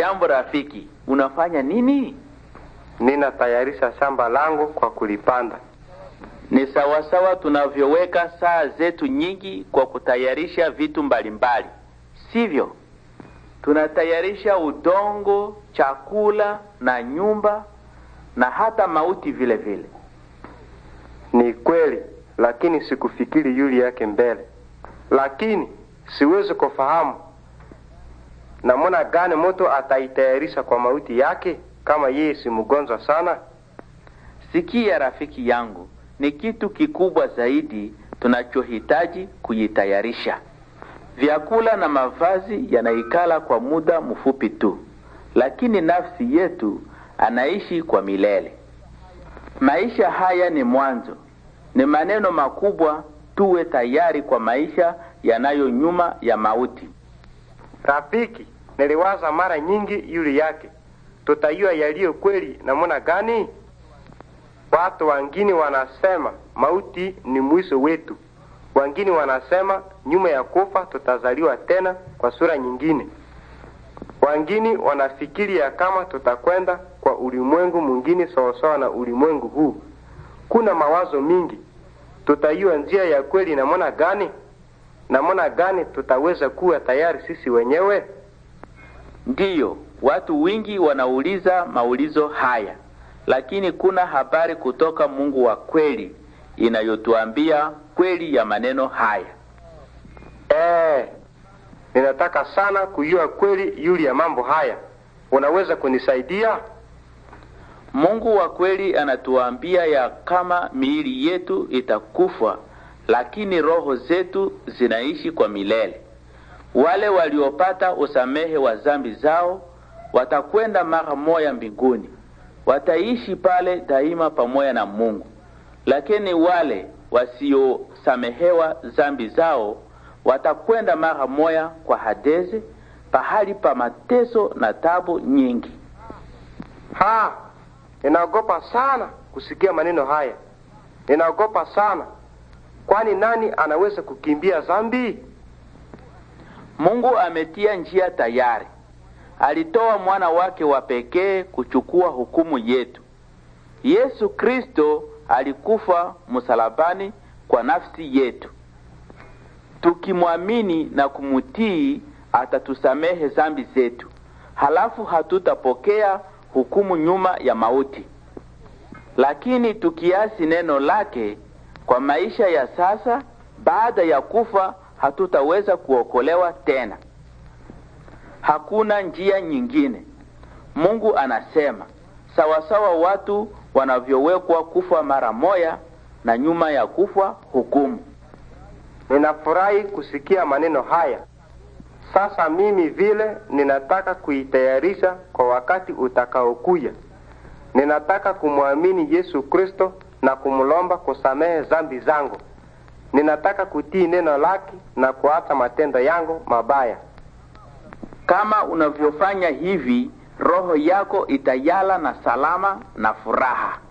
Jambo rafiki, unafanya nini? Ninatayarisha shamba langu kwa kulipanda. Ni sawasawa tunavyoweka saa zetu nyingi kwa kutayarisha vitu mbalimbali, sivyo? Tunatayarisha udongo, chakula na nyumba na hata mauti vile vile. Ni kweli, lakini sikufikiri yuli yake mbele, lakini siwezi kufahamu namna gani mtu ataitayarisha kwa mauti yake kama yeye si mgonjwa sana? Sikia rafiki yangu, ni kitu kikubwa zaidi tunachohitaji kujitayarisha. Vyakula na mavazi yanaikala kwa muda mfupi tu, lakini nafsi yetu anaishi kwa milele. Maisha haya ni mwanzo, ni maneno makubwa. Tuwe tayari kwa maisha yanayo nyuma ya mauti. Rafiki, niliwaza mara nyingi yuli yake, tutayua yaliyo kweli namuna gani? Watu wangini wanasema mauti ni mwisho wetu, wangini wanasema nyuma ya kufa tutazaliwa tena kwa sura nyingine, wanafikiri ya kama tutakwenda kwa ulimwengu mwingine sawasawa na ulimwengu huu. Kuna mawazo mingi. tutayua njia ya kweli namuna gani? namna gani tutaweza kuwa tayari sisi wenyewe? Ndiyo, watu wengi wanauliza maulizo haya, lakini kuna habari kutoka Mungu wa kweli inayotuambia kweli ya maneno haya. Eh, ninataka sana kujua kweli yuli ya mambo haya, unaweza kunisaidia? Mungu wa kweli anatuambia ya kama miili yetu itakufa lakini roho zetu zinaishi kwa milele. Wale waliopata usamehe wa zambi zao watakwenda mara moya mbinguni, wataishi pale daima pamoja na Mungu. Lakini wale wasiosamehewa zambi zao watakwenda mara moya kwa Hadeze, pahali pa mateso na tabu nyingi. Ha, ninaogopa sana kusikia maneno haya, ninaogopa sana Kwani nani anaweza kukimbia zambi? Mungu ametia njia tayari. Alitoa mwana wake wa pekee kuchukua hukumu yetu. Yesu Kristo alikufa msalabani kwa nafsi yetu. Tukimwamini na kumutii, atatusamehe zambi zetu, halafu hatutapokea hukumu nyuma ya mauti. Lakini tukiasi neno lake kwa maisha ya sasa, baada ya kufa hatutaweza kuokolewa tena. Hakuna njia nyingine. Mungu anasema sawasawa watu wanavyowekwa kufa mara moya na nyuma ya kufa hukumu. Ninafurahi kusikia maneno haya. Sasa mimi vile ninataka kuitayarisha kwa wakati utakaokuja. Ninataka kumwamini Yesu Kristo na kumlomba kusamehe zambi zangu. Ninataka kutii neno lake na kuacha matendo yangu mabaya. Kama unavyofanya hivi, roho yako itayala na salama na furaha.